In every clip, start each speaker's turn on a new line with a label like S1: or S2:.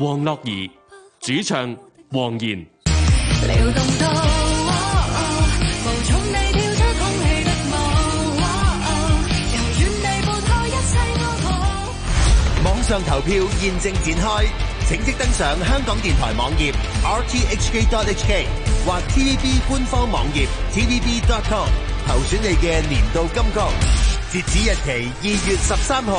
S1: 王樂兒主唱，王妍。
S2: 網上投票現正展開，請即登上香港電台網頁 r t h k dot h k 或 T V B 官方網頁 t v b dot com 投選你嘅年度金曲，截止日期二月十三號。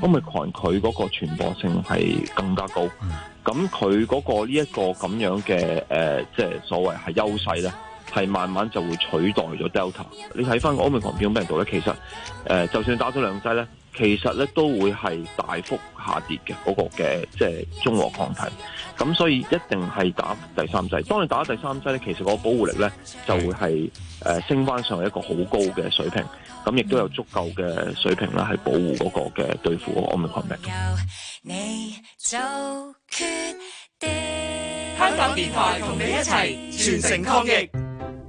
S1: 奧密克戎佢嗰個傳播性係更加高，咁佢嗰個呢一個咁樣嘅即係所謂係優勢咧，係慢慢就會取代咗 Delta。你睇翻個奧密克戎變種病毒咧，其實，呃，就算打咗兩劑咧。其實咧都會係大幅下跌嘅嗰、那個嘅即係中和抗體，咁所以一定係打第三劑。當你打第三劑咧，其實個保護力咧就會係誒、呃、升翻上一個好高嘅水平，咁亦都有足夠嘅水平啦，係保護嗰個嘅對付嗰個奧密克戎。香
S3: 港電台同
S4: 你一齊全城抗疫。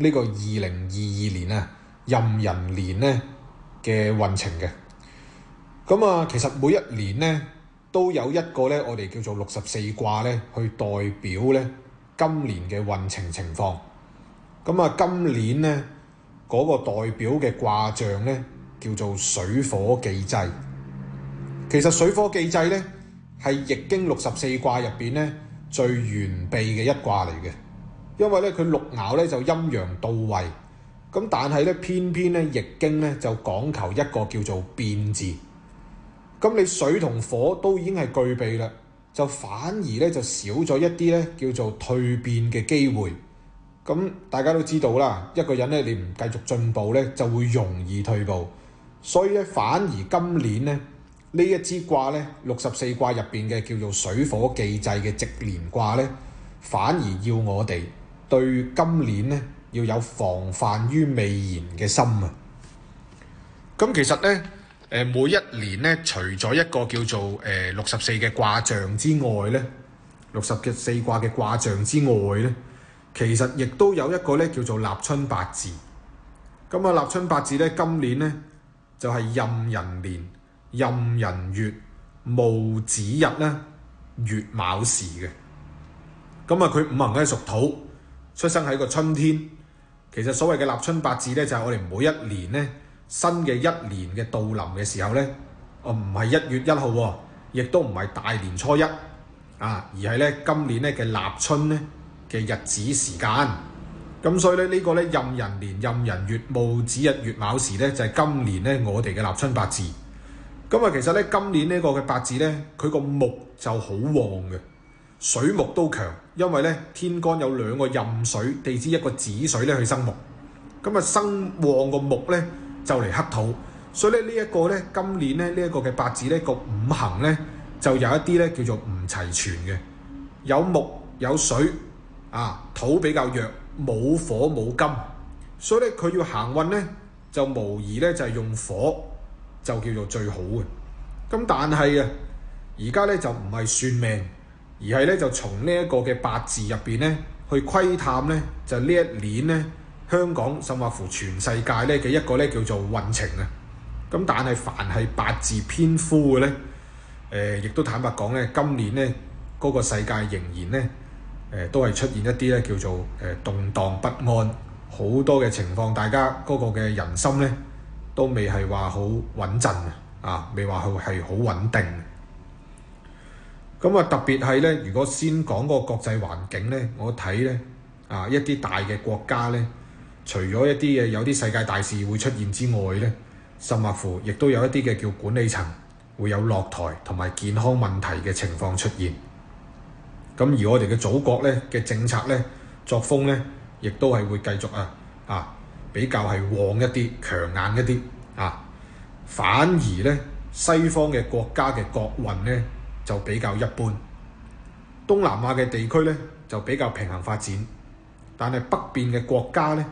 S5: 呢個二零二二年啊，壬寅年咧嘅運程嘅，咁啊，其實每一年咧都有一個咧，我哋叫做六十四卦咧，去代表咧今年嘅運程情況。咁啊，今年咧嗰個代表嘅卦象咧，叫做水火既濟。其實水火既濟咧，係易經六十四卦入邊咧最完備嘅一卦嚟嘅。因為咧佢六爻咧就陰陽到位，咁但係咧偏偏咧易經咧就講求一個叫做變字，咁你水同火都已經係具備啦，就反而咧就少咗一啲咧叫做蛻變嘅機會。咁大家都知道啦，一個人咧你唔繼續進步咧，就會容易退步。所以咧反而今年咧呢一支卦咧六十四卦入邊嘅叫做水火既濟嘅直連卦咧，反而要我哋，對今年呢要有防範於未然嘅心啊！咁其實呢，誒每一年呢，除咗一個叫做誒六十四嘅卦象之外呢，六十嘅四卦嘅卦象之外呢，其實亦都有一個呢叫做立春八字。咁啊，立春八字呢，今年呢，就係壬寅年、壬寅月、戊子日呢，月卯時嘅。咁啊，佢五行咧係屬土。出生喺個春天，其實所謂嘅立春八字咧，就係我哋每一年咧新嘅一年嘅到臨嘅時候咧，哦唔係一月一號，亦都唔係大年初一啊，而係咧今年咧嘅立春咧嘅日子時間。咁所以咧呢個咧任人年任人月戊子日月卯時咧，就係、是、今年咧我哋嘅立春八字。咁啊其實咧今年呢個嘅八字咧，佢個木就好旺嘅，水木都強。因為咧天干有兩個壬水，地支一個子水咧去生木，咁啊生旺個木咧就嚟克土，所以咧呢一個咧今年咧呢一個嘅八字咧個五行咧就有一啲咧叫做唔齊全嘅，有木有水啊，土比較弱，冇火冇金，所以咧佢要行運咧就無疑咧就係用火就叫做最好嘅。咁但係啊而家咧就唔係算命。而係咧就從呢一個嘅八字入邊咧去窺探咧，就呢一年咧香港甚或乎全世界咧嘅一個咧叫做運程啊。咁但係凡係八字偏枯嘅咧，誒亦都坦白講咧，今年咧嗰個世界仍然咧誒都係出現一啲咧叫做誒動盪不安，好多嘅情況，大家嗰個嘅人心咧都未係話好穩陣啊，未話佢係好穩定。咁啊，特別係咧，如果先講個國際環境咧，我睇咧啊，一啲大嘅國家咧，除咗一啲嘅有啲世界大事會出現之外咧，甚或乎亦都有一啲嘅叫管理層會有落台同埋健康問題嘅情況出現。咁而我哋嘅祖國咧嘅政策咧、作風咧，亦都係會繼續啊啊，比較係旺一啲、強硬一啲啊，反而咧西方嘅國家嘅國運咧。就比較一般，東南亞嘅地區呢，就比較平衡發展，但係北邊嘅國家呢，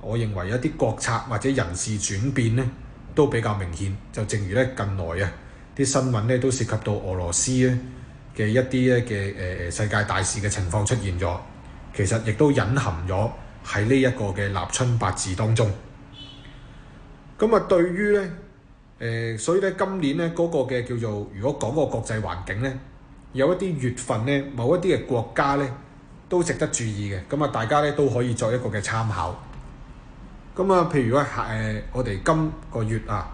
S5: 我認為一啲國策或者人事轉變呢都比較明顯。就正如呢近來啊啲新聞呢，都涉及到俄羅斯呢嘅一啲嘅誒世界大事嘅情況出現咗，其實亦都隱含咗喺呢一個嘅立春八字當中。咁啊，對於呢。誒、呃，所以咧今年咧嗰個嘅叫做，如果講個國際環境咧，有一啲月份咧，某一啲嘅國家咧都值得注意嘅，咁啊大家咧都可以作一個嘅參考。咁啊，譬如話誒，我哋今個月啊，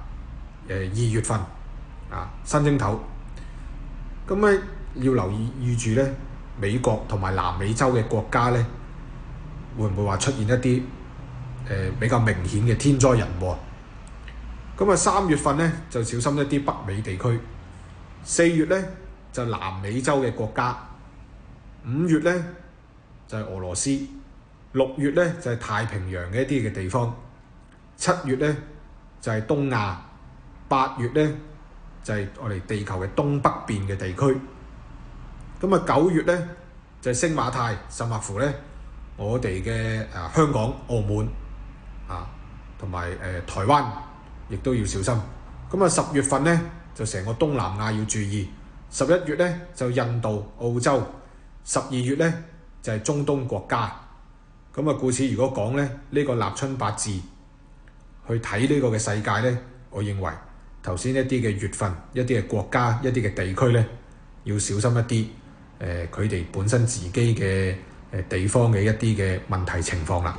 S5: 誒二月份啊，新正頭，咁咧要留意預住咧，美國同埋南美洲嘅國家咧，會唔會話出現一啲誒、呃、比較明顯嘅天災人禍？咁啊，三月份咧就小心一啲北美地區；四月咧就南美洲嘅國家；五月咧就係俄羅斯；六月咧就係太平洋嘅一啲嘅地方；七月咧就係東亞；八月咧就係我哋地球嘅東北邊嘅地區。咁啊，九月咧就係星馬泰，甚至乎咧，我哋嘅啊香港、澳門啊，同埋誒台灣。亦都要小心。咁啊，十月份呢，就成個東南亞要注意；十一月呢，就印度、澳洲；十二月呢，就係中東國家。咁啊，故此如果講呢呢個立春八字去睇呢個嘅世界呢，我認為頭先一啲嘅月份、一啲嘅國家、一啲嘅地區呢，要小心一啲。呃、佢哋本身自己嘅、呃、地方嘅一啲嘅問題情況啦。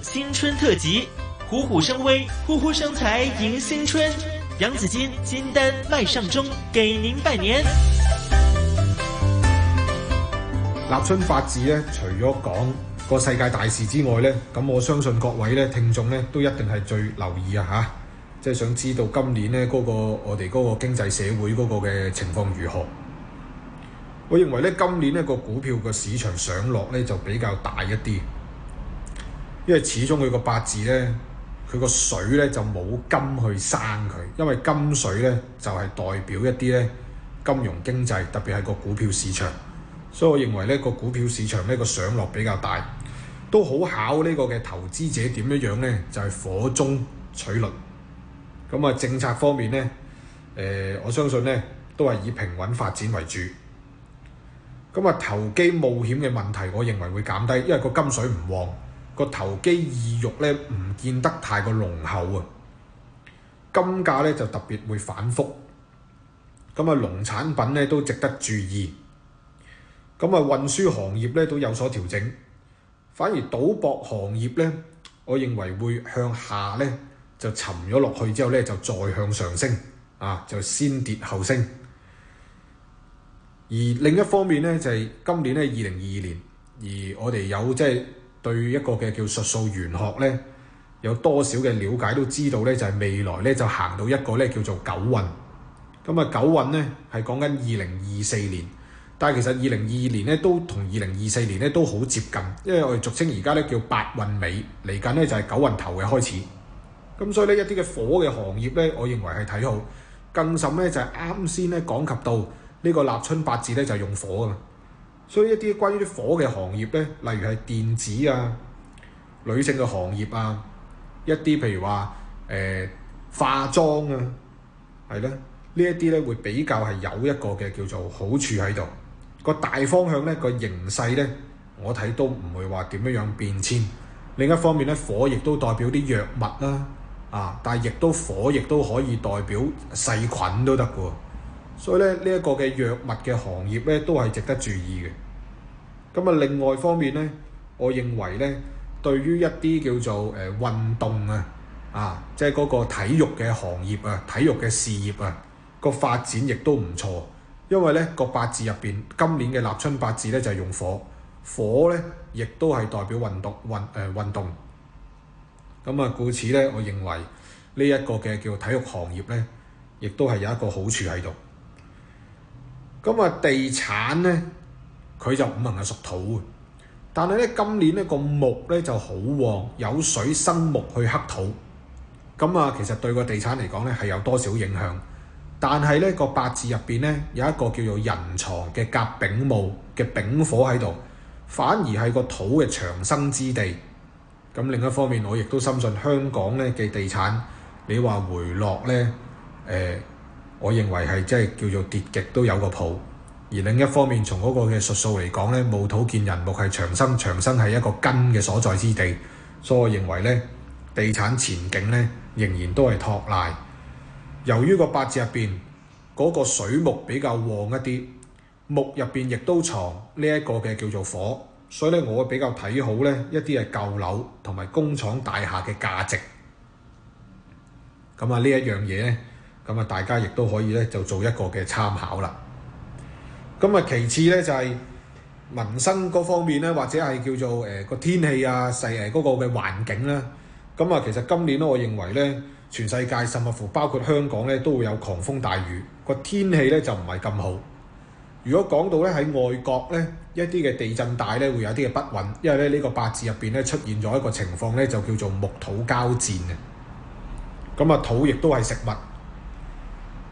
S2: 新春特輯，虎虎生威，呼呼生財，迎新
S5: 春。楊子矜、金丹、麥尚中，給您拜年。立春八字咧，除咗講個世界大事之外咧，咁我相信各位咧聽眾咧都一定係最留意啊吓，即係想知道今年咧嗰個我哋嗰個經濟社會嗰個嘅情況如何。我認為咧今年呢個股票個市場上落咧就比較大一啲。因為始終佢個八字咧，佢個水咧就冇金去生佢，因為金水咧就係代表一啲咧金融經濟，特別係個股票市場，所以我認為呢個股票市場呢個上落比較大，都好考呢個嘅投資者點樣樣咧，就係火中取栗。咁啊，政策方面咧，誒我相信咧都係以平穩發展為主。咁啊，投機冒險嘅問題，我認為會減低，因為個金水唔旺。個投機意欲咧唔見得太過濃厚啊，金價咧就特別會反覆，咁啊農產品咧都值得注意，咁啊運輸行業咧都有所調整，反而賭博行業咧，我認為會向下咧就沉咗落去之後咧就再向上升，啊就先跌後升，而另一方面咧就係今年咧二零二二年，而我哋有即係。對一個嘅叫術數玄學咧，有多少嘅了解都知道咧，就係、是、未來咧就行到一個咧叫做九運，咁啊九運咧係講緊二零二四年，但係其實二零二二年咧都同二零二四年咧都好接近，因為我哋俗稱而家咧叫八運尾嚟緊咧就係九運頭嘅開始，咁所以呢，一啲嘅火嘅行業咧，我認為係睇好，更甚咧就係啱先咧講及到呢個立春八字咧就係用火。所以一啲關於啲火嘅行業咧，例如係電子啊、女性嘅行業啊，一啲譬如話誒、呃、化妝啊，係咯，呢一啲咧會比較係有一個嘅叫做好處喺度。個大方向咧個形勢咧，我睇都唔會話點樣樣變遷。另一方面咧，火亦都代表啲藥物啦、啊，啊，但係亦都火亦都可以代表細菌都得㗎。所以咧，呢一個嘅藥物嘅行業咧，都係值得注意嘅。咁啊，另外一方面咧，我認為咧，對於一啲叫做誒運動啊，啊，即係嗰個體育嘅行業啊，體育嘅事業啊，個發展亦都唔錯。因為咧個八字入面，今年嘅立春八字咧就係用火，火咧亦都係代表運動、運誒運動。咁啊，呃、故此咧，我認為呢一個嘅叫體育行業咧，亦都係有一個好處喺度。咁啊，地產咧，佢就五行係屬土。但係咧，今年咧個木咧就好旺，有水生木去克土。咁啊，其實對個地產嚟講咧係有多少影響？但係咧個八字入邊咧有一個叫做人藏嘅甲丙木嘅丙火喺度，反而係個土嘅長生之地。咁另一方面，我亦都深信香港咧嘅地產，你話回落咧，誒、呃？我認為係即係叫做跌極都有個譜，而另一方面從嗰個嘅術數嚟講咧，無土見人木係長生，長生係一個根嘅所在之地，所以我認為咧，地產前景咧仍然都係托賴。由於個八字入邊嗰個水木比較旺一啲，木入邊亦都藏呢一個嘅叫做火，所以咧我比較睇好咧一啲係舊樓同埋工廠大廈嘅價值。咁啊，呢一樣嘢咧。咁啊，大家亦都可以咧，就做一個嘅參考啦。咁啊，其次咧就係民生嗰方面咧，或者係叫做誒個天氣啊，細誒嗰個嘅環境咧。咁啊，其實今年咧，我認為咧，全世界甚至乎包括香港咧，都會有狂風大雨個天氣咧，就唔係咁好。如果講到咧喺外國咧，一啲嘅地震帶咧會有啲嘅不穩，因為咧呢個八字入邊咧出現咗一個情況咧，就叫做木土交戰啊。咁啊，土亦都係食物。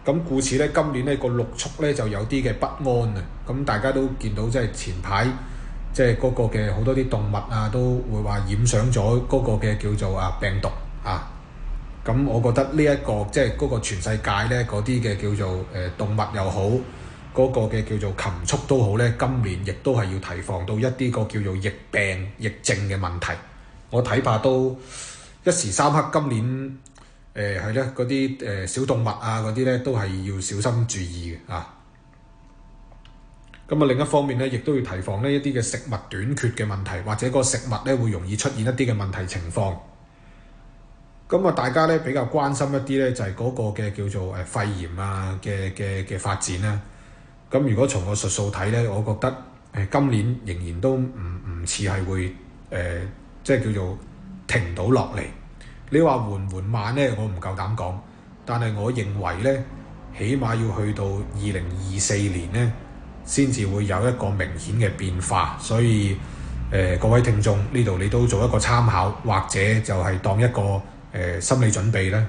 S5: 咁故此呢，今年呢個六畜呢就有啲嘅不安啊！咁大家都見到即係、就是、前排，即係嗰個嘅好多啲動物啊，都會話染上咗嗰個嘅叫做啊病毒啊。咁我覺得呢、這、一個即係嗰個全世界呢，嗰啲嘅叫做誒動物又好，嗰、那個嘅叫做禽畜都好呢，今年亦都係要提防到一啲個叫做疫病、疫症嘅問題。我睇怕都一時三刻，今年。誒係咧，嗰啲誒小動物啊，嗰啲咧都係要小心注意嘅啊。咁啊另一方面咧，亦都要提防呢一啲嘅食物短缺嘅問題，或者個食物咧會容易出現一啲嘅問題情況。咁啊，大家咧比較關心一啲咧，就係、是、嗰個嘅叫做誒、呃、肺炎啊嘅嘅嘅發展咧、啊。咁如果從個術數睇咧，我覺得誒、呃、今年仍然都唔唔似係會誒、呃、即係叫做停到落嚟。你話緩緩慢呢，我唔夠膽講。但係我認為呢，起碼要去到二零二四年呢，先至會有一個明顯嘅變化。所以，呃、各位聽眾呢度你都做一個參考，或者就係當一個、呃、心理準備呢。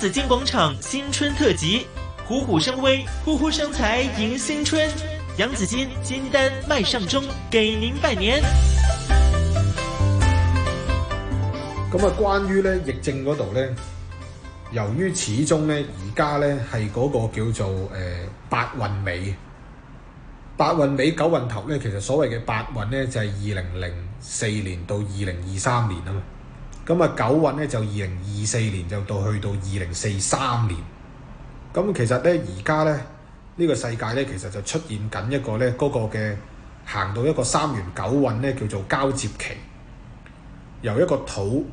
S2: 紫荊廣場新春特輯，虎虎生威，呼呼生財，迎新春。楊子矜金丹麥尚中，給您拜年。
S5: 咁啊，關於咧疫症嗰度咧，由於始終咧而家咧係嗰個叫做誒八運尾，八運尾九運頭咧，其實所謂嘅八運咧就係二零零四年到二零二三年啊嘛。咁啊，九運咧就二零二四年就到去到二零四三年。咁其實咧，而家咧呢個世界咧，其實就出現緊一個咧嗰個嘅行到一個三元九運咧，叫做交接期，由一個土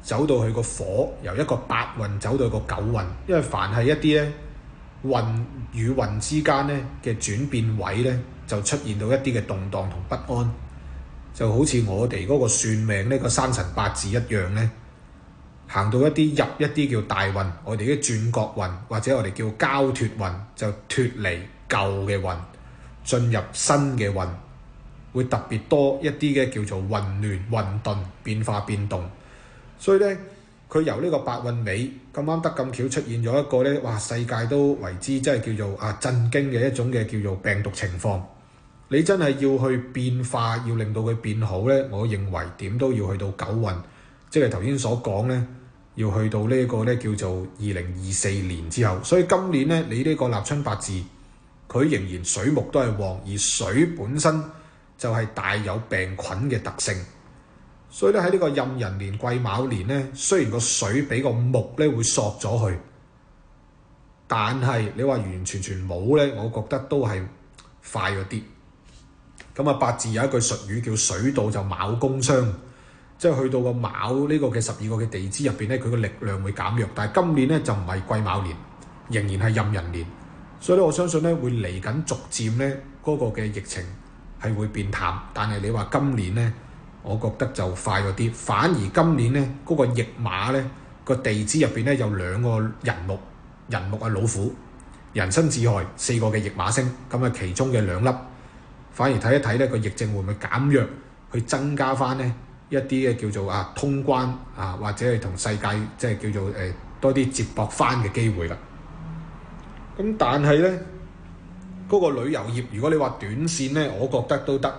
S5: 走到去個火，由一個八運走到一個九運。因為凡係一啲咧運與運之間咧嘅轉變位咧，就出現到一啲嘅動盪同不安。就好似我哋嗰個算命呢個生辰八字一樣咧，行到一啲入一啲叫大運，我哋啲轉角運或者我哋叫交脱運，就脱離舊嘅運，進入新嘅運，會特別多一啲嘅叫做混亂、混沌、變化、變動。所以咧，佢由呢個八運尾咁啱得咁巧出現咗一個咧，哇！世界都為之即係叫做啊震驚嘅一種嘅叫做病毒情況。你真係要去變化，要令到佢變好咧。我認為點都要去到九運，即係頭先所講咧，要去到呢個咧叫做二零二四年之後。所以今年咧，你呢個立春八字佢仍然水木都係旺，而水本身就係帶有病菌嘅特性，所以咧喺呢個壬寅年、癸卯年咧，雖然個水畀個木咧會索咗去，但係你話完完全全冇咧，我覺得都係快咗啲。咁啊八字有一句術語叫水到就卯工傷」，即係去到個卯呢個嘅十二個嘅地支入面，咧，佢個力量會減弱。但係今年咧就唔係癸卯年，仍然係壬寅年，所以咧我相信咧會嚟緊逐漸咧嗰個嘅疫情係會變淡。但係你話今年咧，我覺得就快咗啲。反而今年咧嗰個驛馬咧個地支入面咧有兩個寅木，寅木啊，老虎，寅申巳亥四個嘅驛馬星，咁啊其中嘅兩粒。反而睇一睇呢個疫症會唔會減弱，去增加翻呢一啲嘅叫做啊通關啊，或者係同世界即係叫做誒多啲接駁翻嘅機會啦。咁但係呢，嗰個旅遊業，如果你話短線呢，我覺得都得。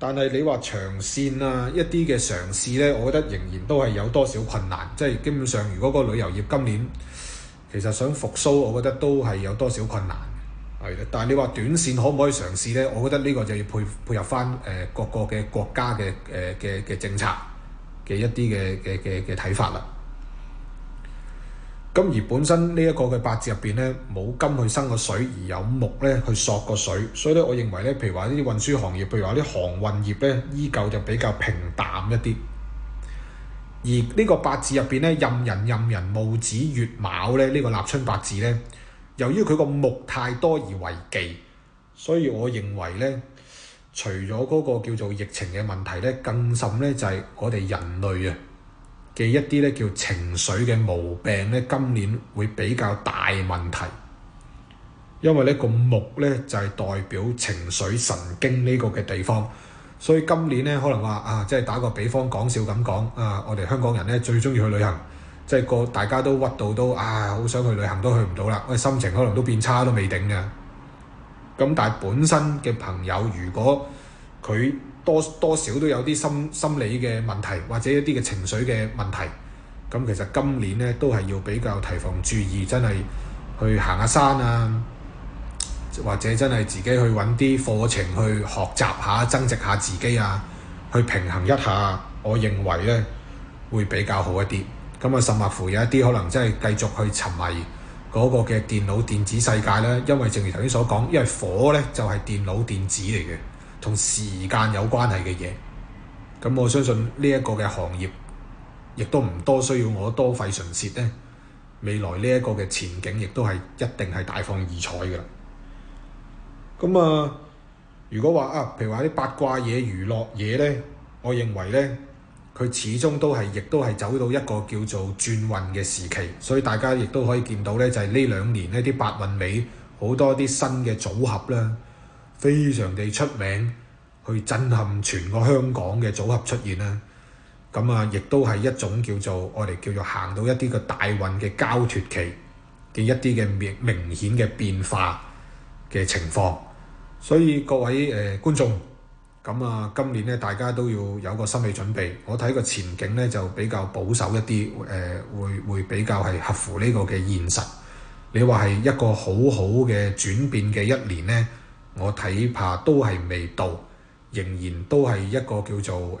S5: 但係你話長線啊，一啲嘅嘗試呢，我覺得仍然都係有多少困難。即係基本上，如果個旅遊業今年其實想復甦，我覺得都係有多少困難。係，但係你話短線可唔可以嘗試呢？我覺得呢個就要配配合翻誒各個嘅國家嘅誒嘅嘅政策嘅一啲嘅嘅嘅嘅睇法啦。咁而本身呢一個嘅八字入邊呢，冇金去生個水，而有木呢去索個水，所以咧我認為呢，譬如話啲運輸行業，譬如話啲航運業呢，依舊就比較平淡一啲。而呢個八字入邊呢，任人任人戊子月卯呢，呢、呢個立春八字呢。由於佢個木太多而為忌，所以我認為咧，除咗嗰個叫做疫情嘅問題咧，更甚咧就係我哋人類呀嘅一啲咧叫情緒嘅毛病咧，今年會比較大問題。因為咧個木咧就係代表情緒神經呢個嘅地方，所以今年咧可能話啊，即係打個比方講笑咁講啊，我哋香港人咧最中意去旅行。即係個大家都屈到都啊，好想去旅行都去唔到啦。我心情可能都變差都未定嘅。咁但係本身嘅朋友，如果佢多多少都有啲心心理嘅問題，或者一啲嘅情緒嘅問題，咁其實今年呢都係要比較提防注意，真係去行下山啊，或者真係自己去揾啲課程去學習下，增值下自己啊，去平衡一下。我認為呢會比較好一啲。咁啊，甚至乎有一啲可能真係繼續去沉迷嗰個嘅電腦電子世界啦。因為正如頭先所講，因為火咧就係電腦電子嚟嘅，同時間有關係嘅嘢。咁我相信呢一個嘅行業，亦都唔多需要我多費唇舌咧。未來呢一個嘅前景，亦都係一定係大放異彩㗎啦。咁啊，如果話啊，譬如話啲八卦嘢、娛樂嘢咧，我認為咧。佢始終都係，亦都係走到一個叫做轉運嘅時期，所以大家亦都可以見到咧，就係呢兩年呢啲八運尾好多啲新嘅組合啦，非常地出名，去震撼全個香港嘅組合出現啦。咁啊，亦都係一種叫做我哋叫做行到一啲嘅大運嘅交脫期嘅一啲嘅明明顯嘅變化嘅情況。所以各位誒觀眾。咁啊，今年咧，大家都要有個心理準備。我睇個前景咧，就比較保守一啲，誒，會會比較係合乎呢個嘅現實。你話係一個好好嘅轉變嘅一年咧，我睇怕都係未到，仍然都係一個叫做誒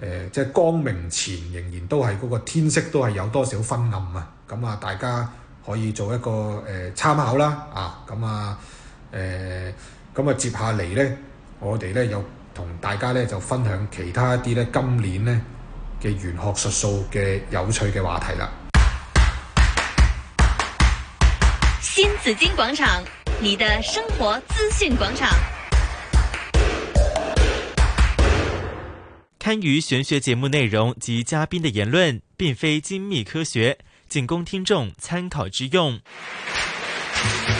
S5: 誒，即係光明前，仍然都係嗰個天色都係有多少昏暗啊！咁啊，大家可以做一個誒、呃、參考啦，啊，咁啊，咁、呃、啊，接下嚟咧。我哋咧又同大家咧就分享其他一啲咧今年呢，嘅玄學術數嘅有趣嘅話題啦。
S4: 新紫荊廣場，你的生活資訊廣場。
S1: 堪輿玄學節目內容及嘉賓嘅言論，並非精密科學，僅供聽眾參考之用。嗯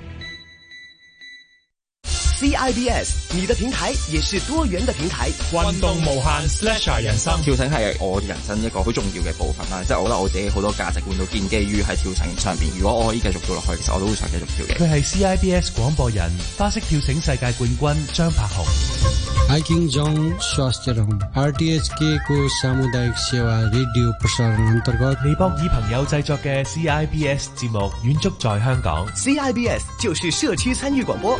S2: CIBS 你的平台也是多元的平台，運動無限，slash 人生跳繩係我人生一個好重要嘅部分啦，即係我覺得我自己好多價值觀都建基於喺
S1: 跳繩上邊。如果我可以繼續做落去，其實我都會想繼續跳嘅。佢
S2: 係 CIBS 廣播人，花式跳繩世界冠軍張柏豪。Akingjong s s t h a RTSK k samuday s h w radio p r s a n t a r 博以朋友製作嘅 CIBS 節目遠足在香港。CIBS 就是社區參與廣播。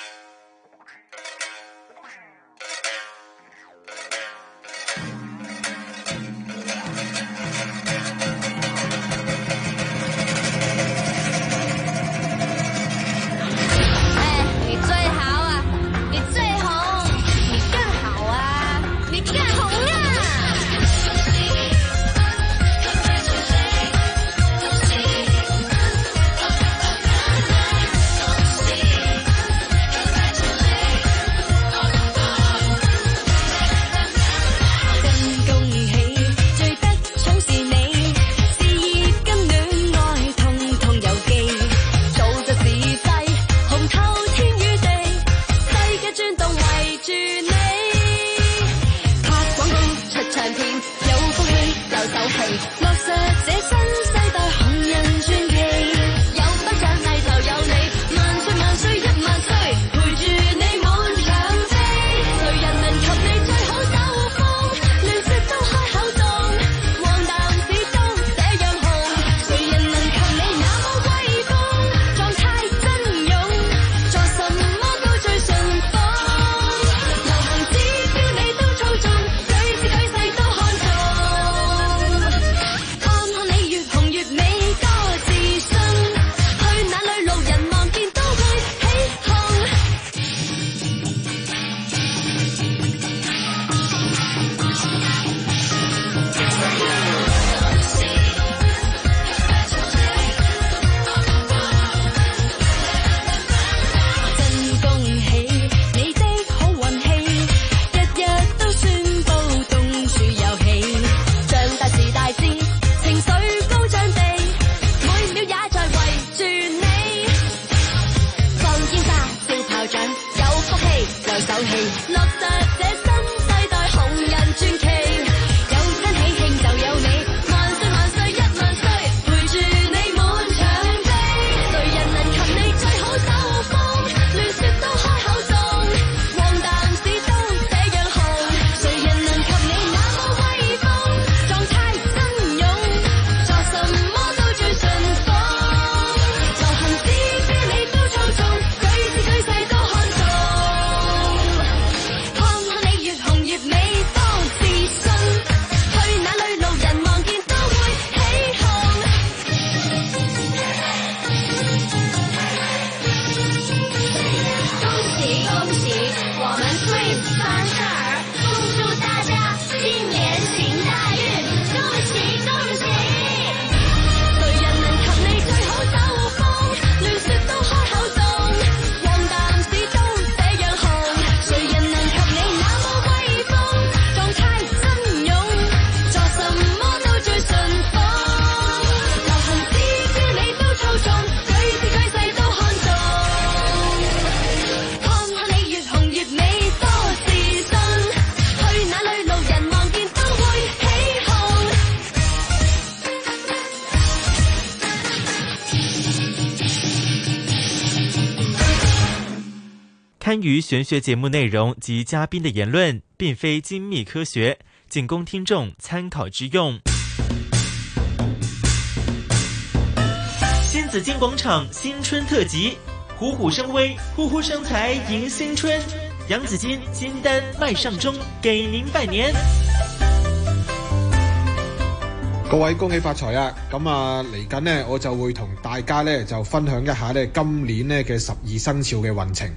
S1: 於玄學節目內容及嘉賓的言論，並非精密科學，僅供聽眾參考之用。
S2: 新紫荊廣場新春特輯，虎虎生威，呼呼生財，迎新春。楊子矜金丹麥尚中，給您拜年，
S5: 各位恭喜發財啊！咁啊，嚟緊呢，我就會同大家呢，就分享一下呢，今年呢嘅十二生肖嘅運程。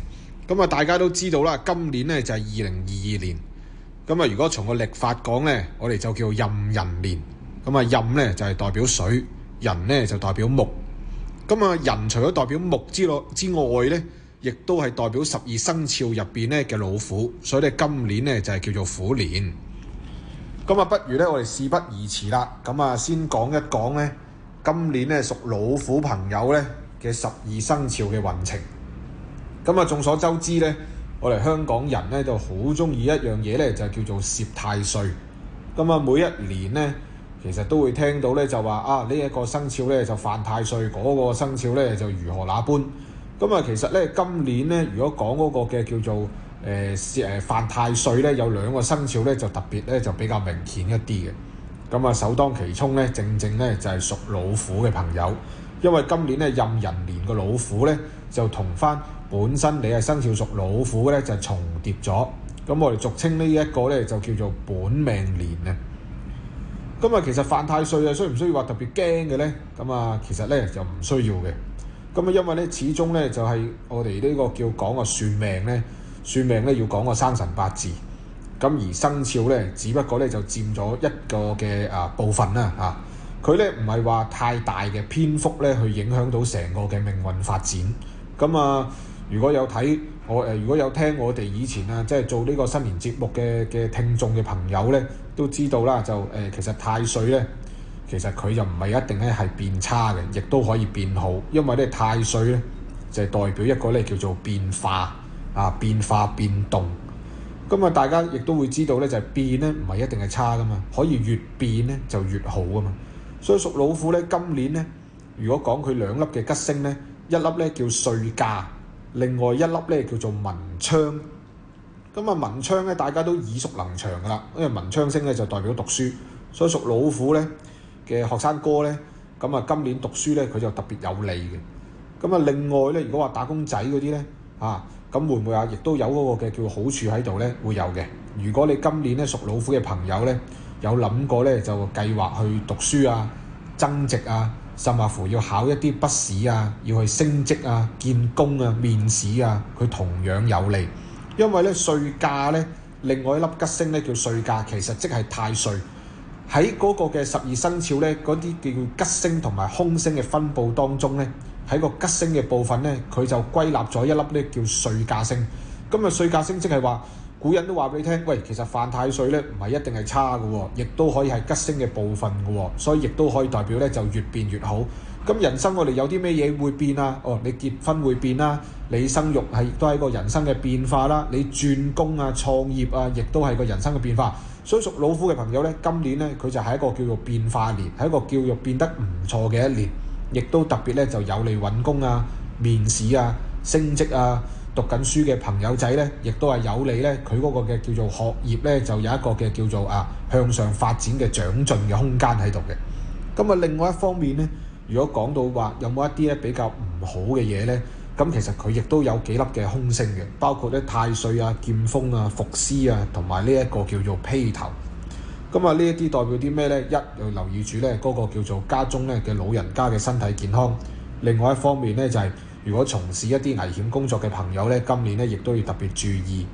S5: 咁啊，大家都知道啦，今年咧就係二零二二年。咁啊，如果從個曆法講咧，我哋就叫壬寅年。咁啊，壬咧就係代表水，寅咧就代表木。咁啊，寅除咗代表木之之外咧，亦都係代表十二生肖入邊咧嘅老虎。所以咧，今年咧就係叫做虎年。咁啊，不如咧，我哋事不宜遲啦。咁啊，先講一講咧，今年咧屬老虎朋友咧嘅十二生肖嘅運程。咁啊！眾所周知咧，我哋香港人咧就好中意一樣嘢咧，就叫做攝太歲。咁啊，每一年咧，其實都會聽到咧，就話啊呢一、這個生肖咧就犯太歲，嗰、那個生肖咧就如何那般。咁啊，其實咧今年咧，如果講嗰個嘅叫做誒犯太歲咧，有兩個生肖咧就特別咧就比較明顯一啲嘅。咁啊，首當其衝咧，正正咧就係屬老虎嘅朋友，因為今年咧壬寅年個老虎咧就同返。本身你係生肖屬老虎咧，就重疊咗。咁我哋俗稱呢一個咧，就叫做本命年啊。咁啊，其實犯太歲啊，需唔需要話特別驚嘅咧？咁啊，其實咧就唔需要嘅。咁啊，因為咧始終咧就係我哋呢個叫講個算命咧，算命咧要講個生辰八字。咁而生肖咧，只不過咧就佔咗一個嘅啊部分啦嚇。佢咧唔係話太大嘅篇幅咧，去影響到成個嘅命運發展。咁啊～如果有睇我、呃、如果有聽我哋以前啊，即係做呢個新年節目嘅嘅聽眾嘅朋友咧，都知道啦。就、呃、其實太歲咧，其實佢就唔係一定咧係變差嘅，亦都可以變好，因為咧太歲咧就係代表一個咧叫做變化啊，變化變動。咁、嗯、啊，大家亦都會知道咧，就係變咧唔係一定係差噶嘛，可以越變咧就越好噶嘛。所以屬老虎咧，今年咧，如果講佢兩粒嘅吉星咧，一粒咧叫歲駕。另外一粒咧叫做文昌，咁啊文昌咧大家都耳熟能詳㗎啦，因為文昌星咧就代表讀書，所以屬老虎咧嘅學生哥咧，咁啊今年讀書咧佢就特別有利嘅。咁啊另外咧，如果話打工仔嗰啲咧，啊咁會唔會啊，亦都有嗰個嘅叫好處喺度咧，會有嘅。如果你今年咧屬老虎嘅朋友咧，有諗過咧就計劃去讀書啊、增值啊。甚至乎要考一啲筆試啊，要去升職啊、見工啊、面試啊，佢同樣有利。因為呢歲駕呢，另外一粒吉星呢，叫歲駕，其實即係太歲。喺嗰個嘅十二生肖呢，嗰啲叫吉星同埋凶星嘅分佈當中呢，喺個吉星嘅部分呢，佢就歸納咗一粒呢，叫歲駕星。噉個歲駕星即係話。古人都話俾你聽，喂，其實犯太歲咧唔係一定係差嘅，亦都可以係吉星嘅部分嘅，所以亦都可以代表咧就越變越好。咁人生我哋有啲咩嘢會變啊？哦，你結婚會變啦，你生育係都係一個人生嘅變化啦，你轉工啊、創業啊，亦都係個人生嘅變化。所以屬老虎嘅朋友呢，今年呢，佢就係一個叫做變化年，係一個教育變得唔錯嘅一年，亦都特別呢就有利揾工啊、面試啊、升職啊。讀緊書嘅朋友仔呢，亦都係有利呢，佢嗰個嘅叫做學業呢，就有一個嘅叫做啊向上發展嘅長進嘅空間喺度嘅。咁啊，另外一方面呢，如果講到話有冇一啲比較唔好嘅嘢呢？咁其實佢亦都有幾粒嘅空性嘅，包括呢太歲啊、劍鋒啊、伏屍啊，同埋呢一個叫做披頭。咁啊，呢一啲代表啲咩呢？一要留意住呢嗰、那個叫做家中呢嘅老人家嘅身體健康。另外一方面呢，就係、是。如果從事一啲危險工作嘅朋友呢，今年呢亦都要特別注意。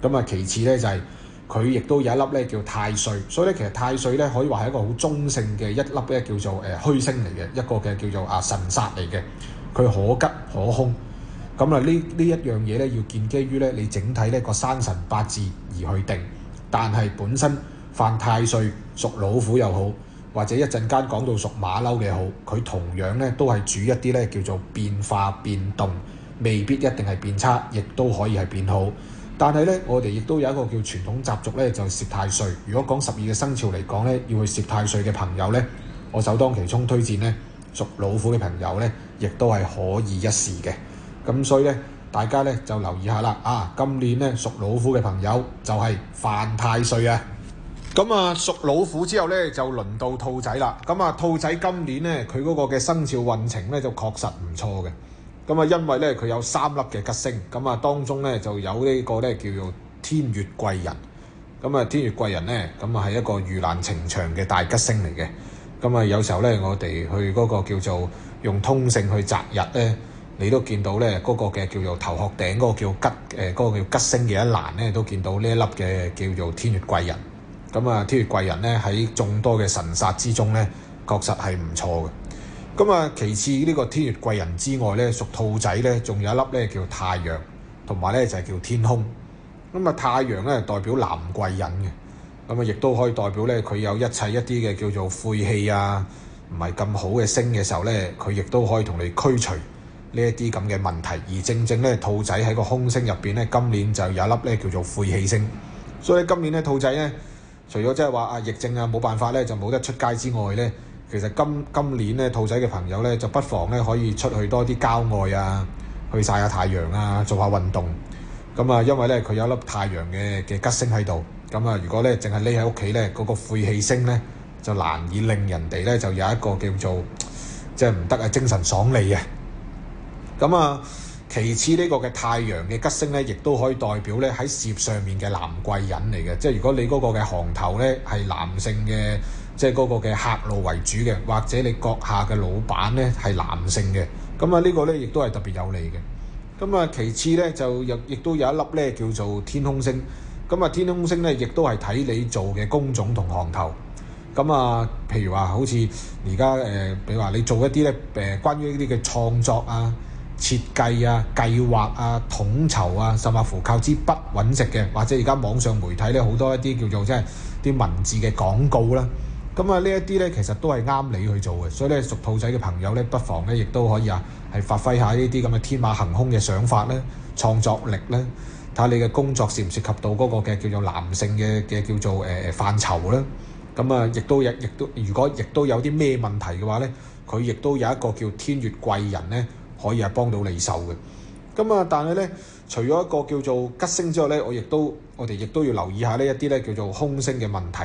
S5: 咁啊，其次呢就係佢亦都有一粒呢叫太歲，所以咧其實太歲呢可以話係一個好中性嘅一粒呢叫做誒虛星嚟嘅，一個嘅叫做啊神煞嚟嘅，佢可吉可凶。咁啊，呢呢一樣嘢呢要建基於呢你整體呢個生辰八字而去定，但係本身犯太歲屬老虎又好。或者一陣間講到屬馬騮嘅好，佢同樣咧都係主一啲咧叫做變化變動，未必一定係變差，亦都可以係變好。但係咧，我哋亦都有一個叫傳統習俗咧，就係攝太歲。如果講十二嘅生肖嚟講咧，要去攝太歲嘅朋友咧，我首當其衝推薦咧，屬老虎嘅朋友咧，亦都係可以一試嘅。咁所以咧，大家咧就留意一下啦。啊，今年咧屬老虎嘅朋友就係犯太歲啊！咁啊，屬老虎之後咧，就輪到兔仔啦。咁啊，兔仔今年咧，佢嗰個嘅生肖運程咧，就確實唔錯嘅。咁啊，因為咧佢有三粒嘅吉星，咁啊當中咧就有個呢個咧叫做天月貴人。咁啊，天月貴人咧，咁啊係一個遇難成祥嘅大吉星嚟嘅。咁啊，有時候咧，我哋去嗰個叫做用通勝去擇日咧，你都見到咧嗰個嘅叫做頭殼頂嗰個叫吉誒、呃那個叫吉星嘅一欄咧，都見到呢一粒嘅叫做天月貴人。咁啊，天月貴人咧，喺眾多嘅神煞之中咧，確實係唔錯嘅。咁啊，其次呢個天月貴人之外咧，屬兔仔咧，仲有一粒咧叫太陽，同埋咧就係叫天空。咁啊，太陽咧代表男貴人嘅，咁啊亦都可以代表咧佢有一切一啲嘅叫做晦氣啊，唔係咁好嘅星嘅時候咧，佢亦都可以同你驅除呢一啲咁嘅問題。而正正咧，兔仔喺個空星入邊咧，今年就有一粒咧叫做晦氣星，所以今年咧兔仔咧。除咗即係話啊，疫症啊冇辦法咧，就冇得出街之外咧，其實今今年咧，兔仔嘅朋友咧，就不妨咧可以出去多啲郊外啊，去曬下太陽啊，做下運動。咁啊，因為咧佢有粒太陽嘅嘅吉星喺度。咁啊，如果咧淨係匿喺屋企咧，嗰個晦氣星咧就難以令人哋咧就有一個叫做即係唔得啊，精神爽利啊。咁啊～其次呢個嘅太陽嘅吉星咧，亦都可以代表咧喺事業上面嘅男貴人嚟嘅。即係如果你嗰個嘅行頭咧係男性嘅，即係嗰個嘅客路為主嘅，或者你閣下嘅老闆咧係男性嘅，咁啊呢個咧亦都係特別有利嘅。咁啊，其次咧就亦都有一粒咧叫做天空星。咁啊，天空星咧亦都係睇你做嘅工種同行頭。咁啊，譬如話好似而家誒，比如話你做一啲咧誒，關於呢啲嘅創作啊。設計啊、計劃啊、統籌啊，甚至乎靠支筆揾食嘅，或者而家網上媒體呢，好多一啲叫做即係啲文字嘅廣告啦。咁啊，呢一啲呢，其實都係啱你去做嘅，所以呢，屬兔仔嘅朋友呢，不妨呢，亦都可以啊，係發揮下呢啲咁嘅天馬行空嘅想法呢，創作力呢。睇下你嘅工作涉唔涉及到嗰個嘅叫做男性嘅嘅叫做誒範疇咧。咁啊，亦都亦都，如果亦都有啲咩問題嘅話呢，佢亦都有一個叫天月貴人呢。可以係幫到你手嘅，咁啊，但係咧，除咗一個叫做吉星之外咧，我亦都我哋亦都要留意下呢一啲咧叫做凶星嘅問題。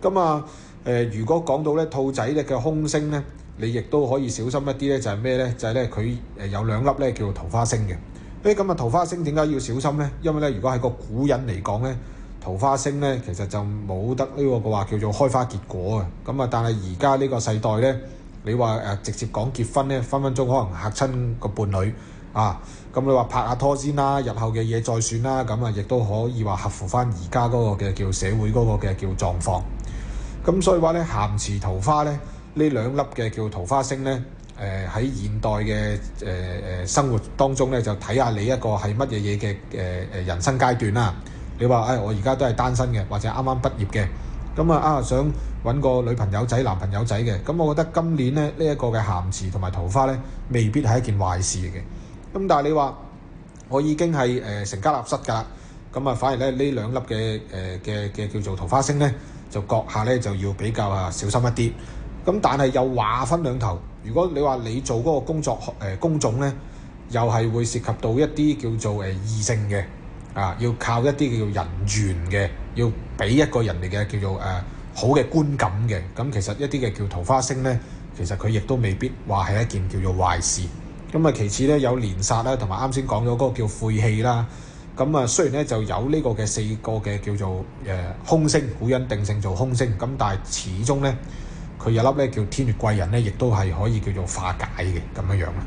S5: 咁啊、呃，如果講到咧兔仔咧嘅凶星咧，你亦都可以小心一啲咧，就係咩咧？就係咧佢誒有兩粒咧叫做桃花星嘅。咁啊，桃花星點解要小心咧？因為咧，如果係個古人嚟講咧，桃花星咧其實就冇得呢個嘅話叫做開花結果啊。咁啊，但係而家呢個世代咧。你話誒直接講結婚咧，分分鐘可能嚇親個伴侶啊！咁你話拍下拖先啦，日後嘅嘢再算啦，咁啊亦都可以話合乎翻而家嗰個嘅叫社會嗰個嘅叫狀況。咁所以話咧，鹹池桃花咧，呢兩粒嘅叫桃花星咧，誒喺現代嘅誒誒生活當中咧，就睇下你一個係乜嘢嘢嘅誒誒人生階段啦。你話誒、哎、我而家都係單身嘅，或者啱啱畢業嘅，咁啊啊想～揾個女朋友仔、男朋友仔嘅咁，我覺得今年呢一個嘅鹹池同埋桃花呢，未必係一件壞事嚟嘅。咁、嗯、但係你話我已經係、呃、成家立室㗎，咁、嗯、啊反而咧，呢兩粒嘅嘅嘅叫做桃花星呢，就閣下呢就要比較啊小心一啲。咁、嗯、但係又話分兩頭，如果你話你做嗰個工作工種、呃、呢，又係會涉及到一啲叫做誒異性嘅啊，要靠一啲叫做人緣嘅，要俾一個人嚟嘅叫做誒。呃好嘅觀感嘅，咁其實一啲嘅叫桃花星咧，其實佢亦都未必話係一件叫做壞事。咁啊，其次咧有連殺啦，同埋啱先講咗嗰個叫晦氣啦。咁啊，雖然咧就有呢個嘅四個嘅叫做誒、呃、凶星，古人定性做凶星，咁但係始終咧佢有粒咧叫天月貴人咧，亦都係可以叫做化解嘅咁樣啦。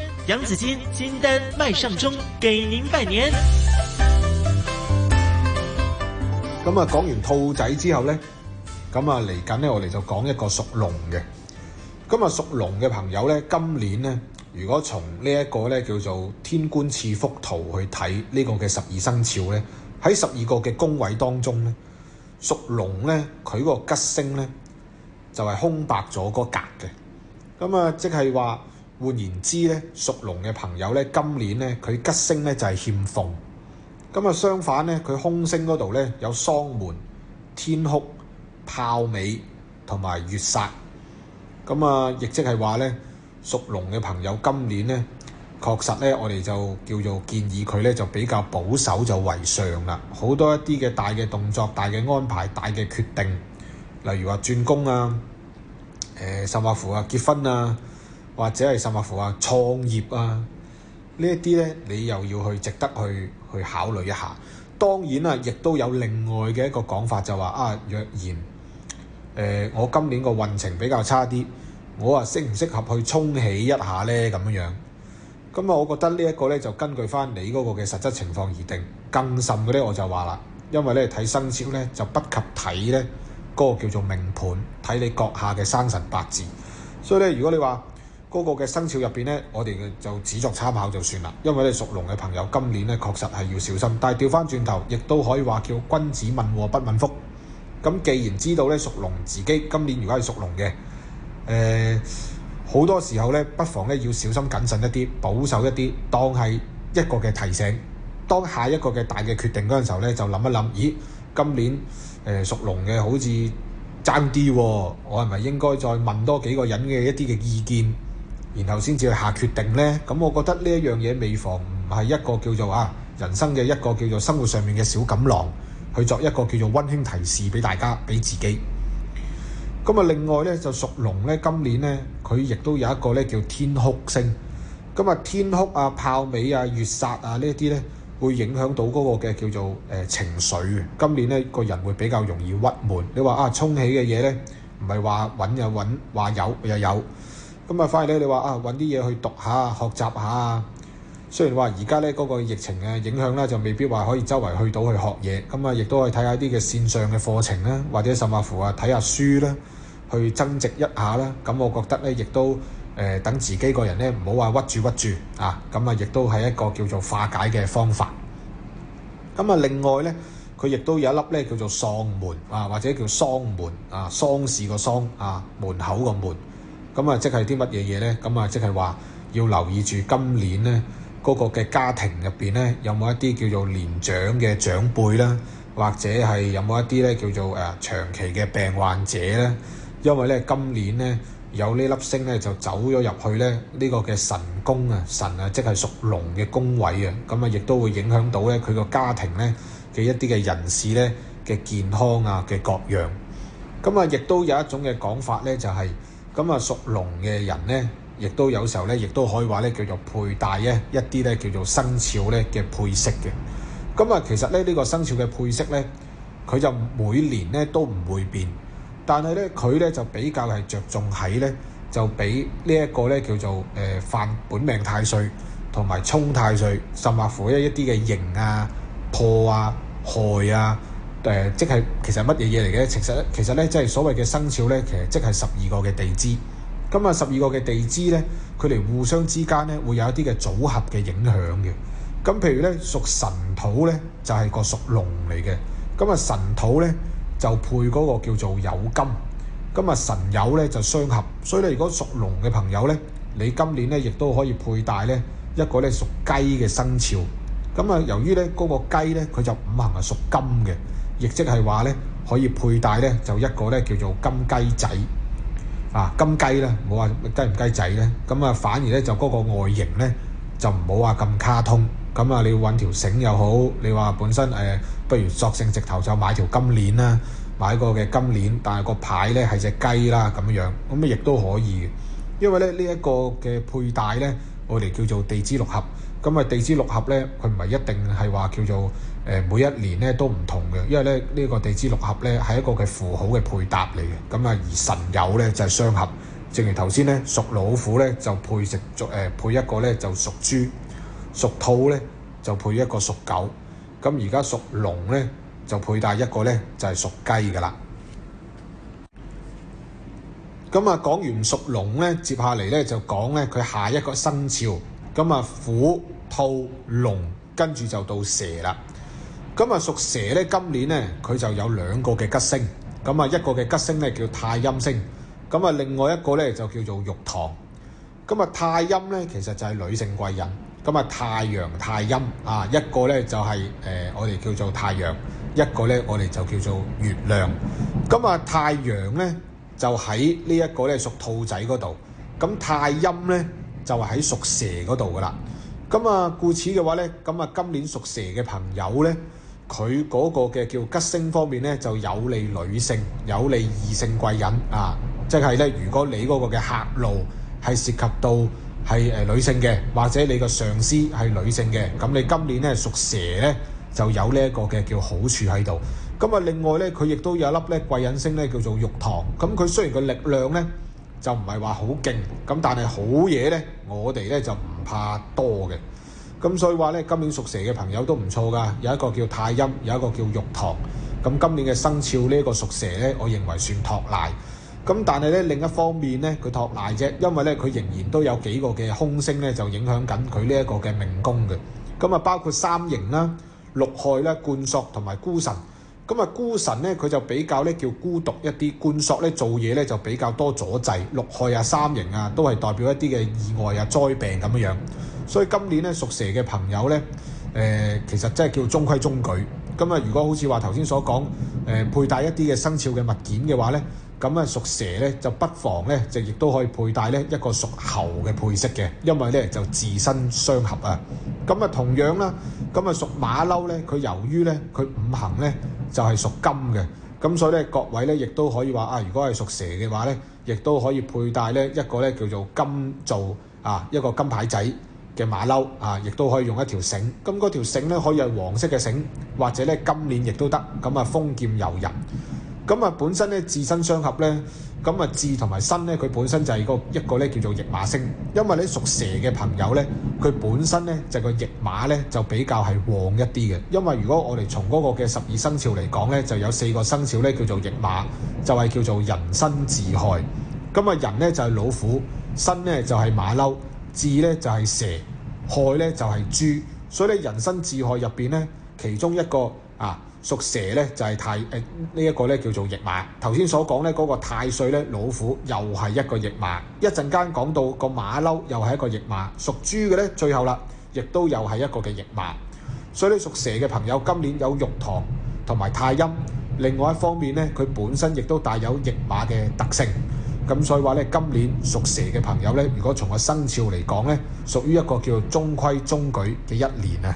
S2: 楊子矜、金丹、麥尚中，給您拜年。
S5: 咁啊，講完兔仔之後咧，咁啊，嚟緊咧，我哋就講一個屬龍嘅。咁啊，屬龍嘅朋友咧，今年咧，如果從呢一個咧叫做天官賜福圖去睇呢個嘅十二生肖咧，喺十二個嘅宮位當中咧，屬龍咧，佢個吉星咧就係空白咗嗰格嘅。咁啊，即係話。換言之呢，屬龍嘅朋友呢，今年呢，佢吉星呢就係欠奉。咁啊，相反呢，佢空星嗰度呢，有喪門、天哭、炮尾同埋月煞，咁啊亦即係話呢，屬龍嘅朋友今年呢，確實呢，我哋就叫做建議佢呢，就比較保守就為上啦，好多一啲嘅大嘅動作、大嘅安排、大嘅決定，例如話轉工啊、甚或乎啊結婚啊。或者係甚或乎創啊，創業啊呢一啲咧，你又要去值得去去考慮一下。當然啦，亦都有另外嘅一個講法，就話啊，若然誒、呃，我今年個運程比較差啲，我啊適唔適合去沖喜一下咧？咁樣樣咁啊，我覺得這呢一個咧就根據翻你嗰個嘅實質情況而定。更甚嘅咧，我就話啦，因為咧睇生肖咧就不及睇咧嗰個叫做命盤，睇你閣下嘅生辰八字。所以咧，如果你話，嗰個嘅生肖入面呢，我哋就只作參考就算啦。因為咧，屬龍嘅朋友今年咧確實係要小心。但係調翻轉頭，亦都可以話叫君子問禍不問福。咁既然知道咧，屬龍自己今年如果係屬龍嘅，誒、呃、好多時候咧，不妨咧要小心謹慎一啲，保守一啲，當係一個嘅提醒。當下一個嘅大嘅決定嗰陣時候咧，就諗一諗，咦，今年誒屬龍嘅好似爭啲喎，我係咪應該再問多幾個人嘅一啲嘅意見？然後先至去下決定呢。咁我覺得呢一樣嘢未妨，唔係一個叫做啊人生嘅一個叫做生活上面嘅小錦囊，去作一個叫做溫馨提示俾大家，俾自己。咁啊另外呢，就屬龍呢，今年呢，佢亦都有一個呢叫天哭星。咁啊天哭啊炮尾啊月煞啊呢啲呢，會影響到嗰個嘅叫做、呃、情緒。今年呢，個人會比較容易鬱悶。你話啊衝起嘅嘢呢，唔係話揾又揾，話有又有。就有咁啊，反而你話啊，揾啲嘢去讀下、學習下啊。雖然話而家呢嗰、那個疫情嘅影響咧，就未必話可以周圍去到去學嘢。咁、嗯、啊，亦都可以睇下啲嘅線上嘅課程啦，或者甚至乎啊睇下書啦，去增值一下啦。咁、嗯、我覺得呢，亦都誒、呃、等自己個人呢，唔好話屈住屈住啊。咁、嗯、啊，亦都係一個叫做化解嘅方法。咁、嗯、啊，另外呢，佢亦都有一粒呢，叫做喪門啊，或者叫喪門啊，喪事個喪啊，門口個門。咁啊，即係啲乜嘢嘢咧？咁啊，即係話要留意住今年咧嗰、那個嘅家庭入面咧，有冇一啲叫做年長嘅長輩啦，或者係有冇一啲咧叫做誒、啊、長期嘅病患者咧？因為咧今年咧有呢粒星咧就走咗入去咧呢、這個嘅辰宮啊，辰啊，即係屬龍嘅宮位啊，咁啊，亦都會影響到咧佢個家庭咧嘅一啲嘅人士咧嘅健康啊嘅各樣。咁啊，亦都有一種嘅講法咧，就係、是。咁啊，屬龍嘅人咧，亦都有時候咧，亦都可以話咧，叫做佩戴咧一啲咧叫做生肖咧嘅配飾嘅。咁啊，其實咧呢個生肖嘅配飾咧，佢就每年咧都唔會變，但係咧佢咧就比較係着重喺咧就俾呢一個咧叫做誒、呃、犯本命太歲，同埋沖太歲，甚或乎一啲嘅刑啊、破啊、害啊。誒、呃，即係其實乜嘢嘢嚟嘅？其實是的其實咧，即係所謂嘅生肖咧，其實即係十二個嘅地支。咁啊，十二個嘅地支咧，佢哋互相之間咧會有一啲嘅組合嘅影響嘅。咁譬如咧，屬神土咧就係、是、個屬龍嚟嘅。咁啊，神土咧就配嗰個叫做酉金。咁啊，神酉咧就相合。所以咧，如果屬龍嘅朋友咧，你今年咧亦都可以佩戴咧一個咧屬雞嘅生肖。咁啊，由於咧嗰、那個雞咧佢就五行係屬金嘅。亦即係話咧，可以佩戴咧就一個咧叫做金雞仔啊，金雞啦，冇話雞唔雞仔咧，咁啊反而咧就嗰個外形咧就唔好話咁卡通，咁啊你要揾條繩又好，你話本身誒、呃、不如索性直頭就買條金鏈啦，買一個嘅金鏈，但係個牌咧係隻雞啦咁樣，咁啊亦都可以，因為咧呢一、這個嘅佩戴咧，我哋叫做地支六合，咁啊地支六合咧佢唔係一定係話叫做。誒每一年咧都唔同嘅，因為咧呢個地支六合咧係一個嘅符號嘅配搭嚟嘅。咁啊，而神有咧就係雙合。正如頭先咧，屬老虎咧就配成誒、呃、配一個咧就屬豬，屬兔咧就配一個屬狗。咁而家屬龍咧就配搭一個咧就係屬雞㗎啦。咁啊，講完屬龍咧，接下嚟咧就講咧佢下一個生肖。咁啊，虎、兔、龍，跟住就到蛇啦。咁啊，屬蛇咧，今年咧佢就有兩個嘅吉星，咁啊，一個嘅吉星咧叫太陰星，咁啊，另外一個咧就叫做玉堂。咁啊，太陰咧其實就係女性貴人，咁啊，太陽太陰啊，一個咧就係、是、誒、呃、我哋叫做太陽，一個咧我哋就叫做月亮。咁啊，太陽咧就喺呢一個咧屬兔仔嗰度，咁太陰咧就喺屬蛇嗰度噶啦。咁啊，故此嘅話咧，咁啊，今年屬蛇嘅朋友咧。佢嗰個嘅叫吉星方面咧，就有利女性，有利異性貴人啊！即係咧，如果你嗰個嘅客路係涉及到係誒女性嘅，或者你個上司係女性嘅，咁你今年咧屬蛇咧，就有呢一個嘅叫好處喺度。咁啊，另外咧，佢亦都有一粒咧貴人星咧叫做玉堂。咁佢雖然個力量咧就唔係話好勁，咁但係好嘢咧，我哋咧就唔怕多嘅。咁所以話咧，今年屬蛇嘅朋友都唔錯㗎，有一個叫太陰，有一個叫玉堂。咁今年嘅生肖個屬呢個個屬蛇咧，我認為算托賴。咁但係咧，另一方面咧，佢托賴啫，因為咧佢仍然都有幾個嘅凶星咧，就影響緊佢呢一個嘅命宮嘅。咁啊，包括三刑啦、啊、六害啦、啊、冠索同埋孤神。咁啊，孤神咧佢就比較咧叫孤獨一啲，冠索咧做嘢咧就比較多阻滯，六害啊、三刑啊都係代表一啲嘅意外啊、災病咁、啊、樣樣。所以今年咧，屬蛇嘅朋友咧，誒、呃，其實真係叫中規中矩。咁啊，如果好似話頭先所講，誒、呃，佩戴一啲嘅生肖嘅物件嘅話咧，咁啊，屬蛇咧就不妨咧就亦都可以佩戴咧一個屬猴嘅配飾嘅，因為咧就自身相合啊。咁啊，同樣啦，咁啊，屬馬騮咧，佢由於咧佢五行咧就係、是、屬金嘅，咁所以咧各位咧亦都可以話啊，如果係屬蛇嘅話咧，亦都可以佩戴咧一個咧叫做金造啊一個金牌仔。嘅馬騮啊，亦都可以用一條繩，咁嗰條繩咧可以係黃色嘅繩，或者咧金鏈亦都得，咁啊封劍遊人，咁啊本身咧巳申相合咧，咁啊巳同埋申咧佢本身就係一個咧叫做驛馬星，因為咧屬蛇嘅朋友咧佢本身咧就個、是、驛馬咧就比較係旺一啲嘅，因為如果我哋從嗰個嘅十二生肖嚟講咧，就有四個生肖咧叫做驛馬，就係、是、叫做寅申巳害，咁啊寅咧就係、是、老虎，申咧就係馬騮，巳咧就係、是、蛇。害咧就係豬，所以咧人身自害入邊咧，其中一個啊屬蛇咧就係太誒呢一個咧叫做驛馬。頭先所講咧嗰個太歲咧老虎又係一個驛馬，一陣間講到個馬騮又係一個驛馬，屬豬嘅咧最後啦，亦都又係一個嘅驛馬。所以咧屬蛇嘅朋友今年有玉堂同埋太陰，另外一方面咧佢本身亦都帶有驛馬嘅特性。咁所以話咧，今年屬蛇嘅朋友咧，如果從個生肖嚟講咧，屬於一個叫做中規中矩嘅一年啊。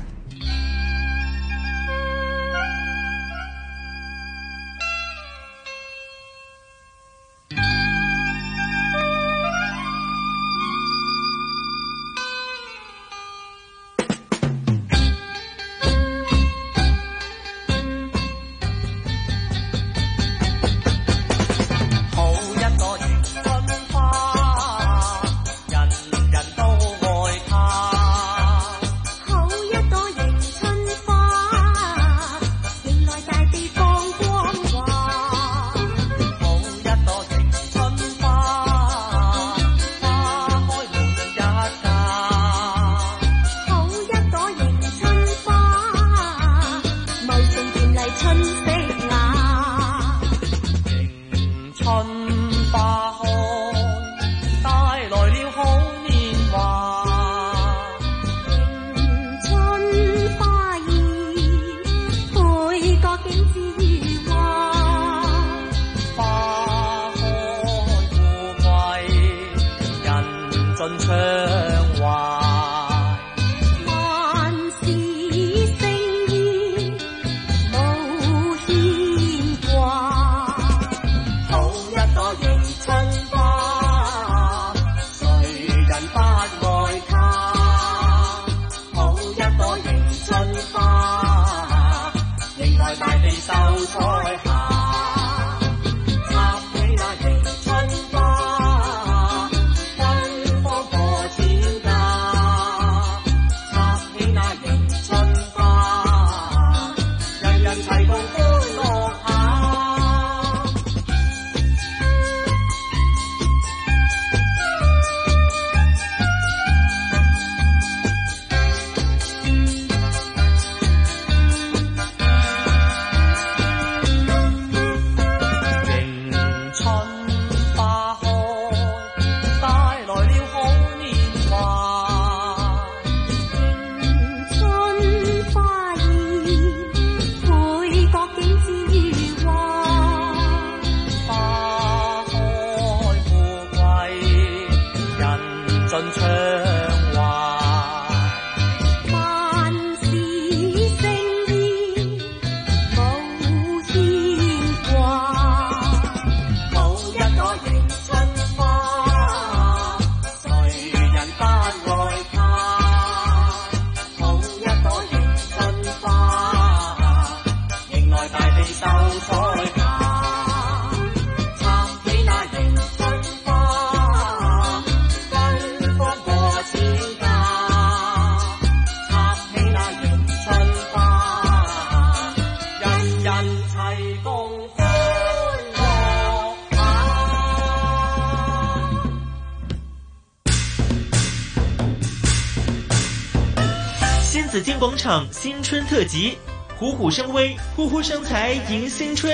S2: 廣場新春特輯，虎虎生威，呼呼生財，迎新春。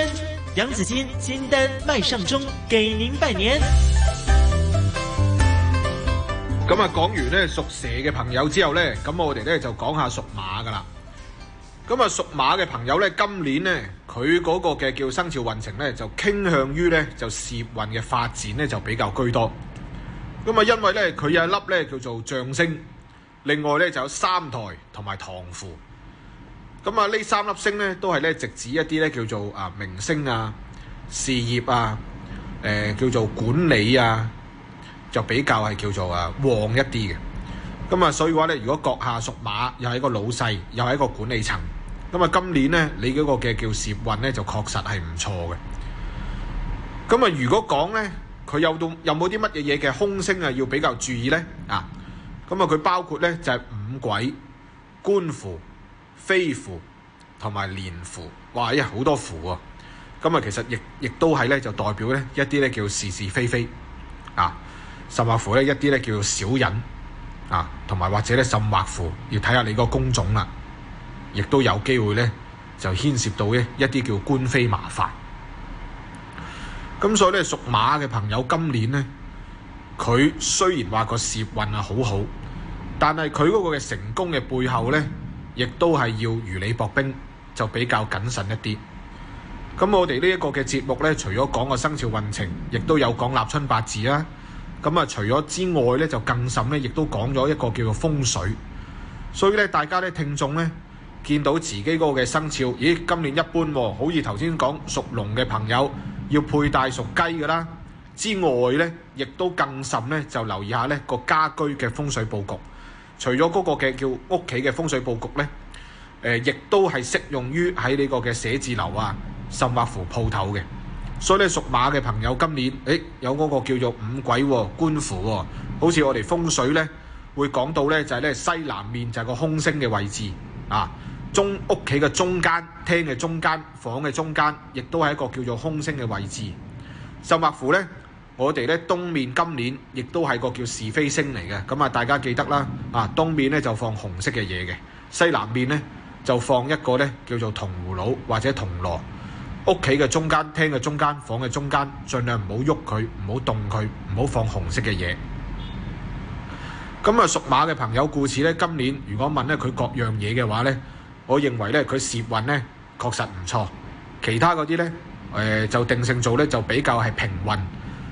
S2: 楊子矜金丹麥尚中，給
S5: 您拜年。咁啊，講完咧屬蛇嘅朋友之後咧，咁我哋咧就講下屬馬噶啦。咁啊，屬馬嘅朋友咧，今年咧佢嗰個嘅叫生肖運程咧，就傾向於咧就事業運嘅發展咧就比較居多。咁啊，因為咧佢有一粒咧叫做象星，另外咧就有三台。係唐符，咁啊呢三粒星呢都係呢，直指一啲呢叫做啊明星啊事業啊誒、呃、叫做管理啊，就比較係叫做啊旺一啲嘅。咁啊所以話呢，如果閣下屬馬，又係一個老細，又係一個管理層，咁啊今年呢，你嗰個嘅叫事業運咧就確實係唔錯嘅。咁啊如果講呢，佢有到有冇啲乜嘢嘢嘅空星啊要比較注意呢？啊？咁啊佢包括呢，就係、是、五鬼。官符、非符同埋連符，哇呀好多符喎！咁啊，其實亦亦都係咧，就代表咧一啲咧叫是是非非啊，甚或乎咧一啲咧叫小人啊，同埋或者咧甚或乎要睇下你個工種啦，亦都有機會咧就牽涉到咧一啲叫官非麻煩。咁所以咧，屬馬嘅朋友今年咧，佢雖然話個攝運啊好好。但係佢嗰個嘅成功嘅背後呢，亦都係要如履薄冰，就比較謹慎一啲。咁我哋呢一個嘅節目呢，除咗講個生肖運程，亦都有講立春八字啦。咁啊，除咗之外呢，就更甚呢，亦都講咗一個叫做風水。所以呢，大家呢，聽眾呢，見到自己嗰個嘅生肖，咦，今年一般喎，好似頭先講屬龍嘅朋友要佩戴屬雞㗎啦。之外呢，亦都更甚呢，就留意下呢個家居嘅風水佈局。除咗嗰個嘅叫屋企嘅風水佈局咧，誒，亦都係適用於喺呢個嘅寫字樓啊，甚或乎鋪頭嘅。所以咧，屬馬嘅朋友今年，誒，有嗰個叫做五鬼官符喎，好似我哋風水咧會講到咧，就係咧西南面就係個空星嘅位置啊，中屋企嘅中間、廳嘅中間、房嘅中間，亦都係一個叫做空星嘅位置。甚或乎咧，我哋咧東面今年亦都係個叫是非星嚟嘅，咁啊，大家記得啦啊。東面咧就放紅色嘅嘢嘅，西南面咧就放一個咧叫做銅葫蘆或者銅鑼。屋企嘅中間、廳嘅中間、房嘅中間，盡量唔好喐佢，唔好動佢，唔好放紅色嘅嘢。咁、嗯、啊，屬馬嘅朋友，故此咧，今年如果問咧佢各樣嘢嘅話咧，我認為咧佢攝運咧確實唔錯，其他嗰啲咧誒就定性做咧就比較係平運。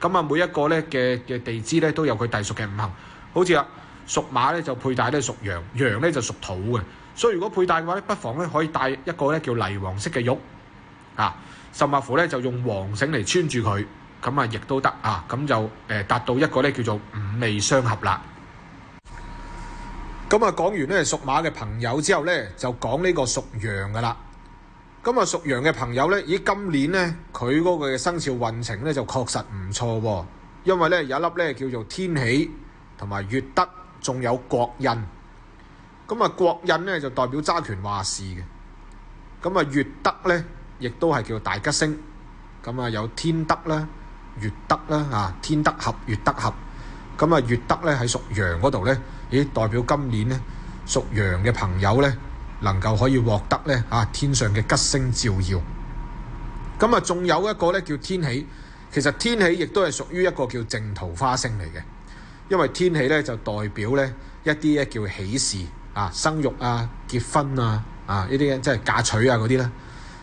S5: 咁啊，每一個咧嘅嘅地支咧都有佢隸屬嘅五行，好似啊，屬馬咧就佩戴咧屬羊，羊咧就屬土嘅，所以如果佩戴嘅話咧，不妨咧可以戴一個咧叫泥黃色嘅玉啊，甚或乎咧就用黃繩嚟穿住佢，咁啊亦都得啊，咁啊就誒達到一個咧叫做五味相合啦。咁啊講完咧屬馬嘅朋友之後咧，就講呢個屬羊㗎啦。咁啊，屬羊嘅朋友呢，咦，今年呢，佢嗰個嘅生肖運程呢，就確實唔錯喎，因為呢有一粒呢叫做天喜，同埋月德，仲有國印。咁啊，國印呢就代表揸權話事嘅。咁啊，月德呢亦都係叫大吉星。咁啊，有天德啦、月德啦啊，天德合、月德合。咁啊，月德呢喺屬羊嗰度呢，咦，代表今年呢屬羊嘅朋友呢。能夠可以獲得咧啊，天上嘅吉星照耀。咁啊，仲有一個咧叫天喜，其實天喜亦都係屬於一個叫正桃花星嚟嘅，因為天喜咧就代表咧一啲咧叫喜事啊，生育啊，結婚啊啊呢啲即係嫁娶啊嗰啲啦。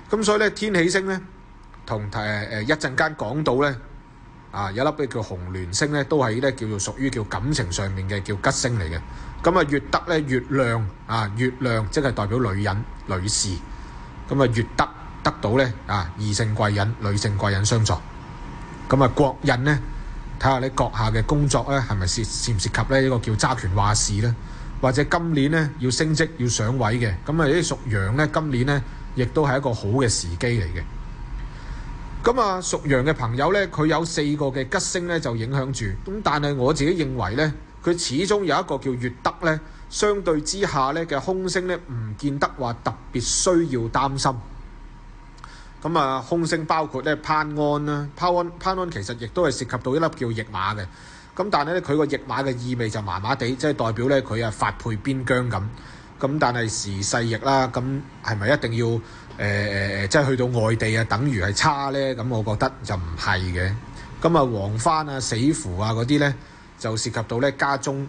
S5: 咁所以咧天喜星咧同誒誒一陣間講到咧啊，有一粒嘅叫紅鸞星咧都係咧叫做屬於叫感情上面嘅叫吉星嚟嘅。咁啊，月德咧月亮啊月亮，即係代表女人女士。咁啊，月德得到咧啊，異性貴人、女性貴人相助。咁啊，國印呢，睇下你閣下嘅工作咧，係咪涉涉唔涉及咧呢個叫揸權話事咧？或者今年咧要升職要上位嘅，咁啊呢啲屬羊咧，今年咧亦都係一個好嘅時機嚟嘅。咁啊，屬羊嘅朋友咧，佢有四個嘅吉星咧，就影響住。咁但係我自己認為咧。佢始終有一個叫月德呢，相對之下呢，嘅空星呢，唔見得話特別需要擔心。咁啊，空星包括呢「攀鞍啦，攀鞍攀鞍其實亦都係涉及到一粒叫驛馬嘅。咁但係呢，佢個驛馬嘅意味就麻麻地，即係代表呢，佢啊發配邊疆咁。咁但係時勢逆啦，咁係咪一定要誒、呃、即係去到外地啊？等於係差呢。咁我覺得就唔係嘅。咁啊，黃幡啊、死符啊嗰啲呢。就涉及到咧家中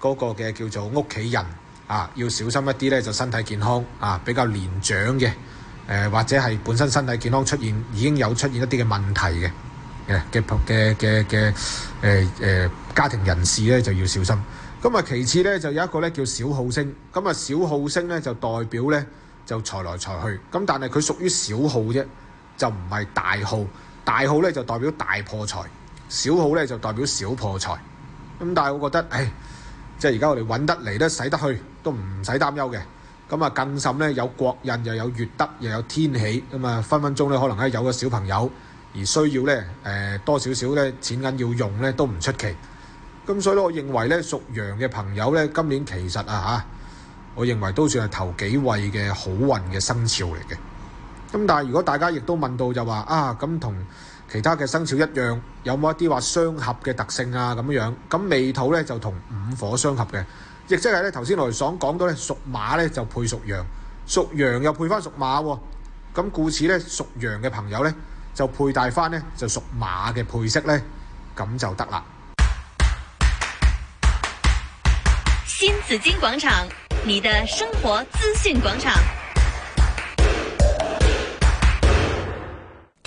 S5: 嗰個嘅叫做屋企人啊，要小心一啲咧，就身體健康啊，比較年長嘅誒、呃，或者係本身身體健康出現已經有出現一啲嘅問題嘅嘅嘅嘅嘅誒家庭人士咧，就要小心。咁啊，其次咧就有一個咧叫小耗星，咁啊小耗星咧就代表咧就財來財去。咁但係佢屬於小耗啫，就唔係大耗。大耗咧就代表大破財，小耗咧就代表小破財。咁但係我覺得，即係而家我哋揾得嚟咧，使得去，都唔使擔憂嘅。咁啊，更甚咧，有國印又有月德，又有天喜，咁啊，分分鐘咧，可能咧有個小朋友而需要咧、呃，多少少咧錢銀要用咧，都唔出奇。咁所以咧，我認為咧，屬羊嘅朋友咧，今年其實啊嚇，我認為都算係頭幾位嘅好運嘅生肖嚟嘅。咁但係如果大家亦都問到就話啊，咁同，其他嘅生肖一樣，有冇一啲話相合嘅特性啊？咁樣樣，咁未土咧就同午火相合嘅，亦即係咧頭先來爽講到咧，屬馬咧就配屬羊，屬羊又配翻屬馬喎，咁故此咧，屬羊嘅朋友咧就佩戴翻咧就屬馬嘅配色咧，咁就得啦。新
S4: 紫荊廣場，你的生活資訊廣場。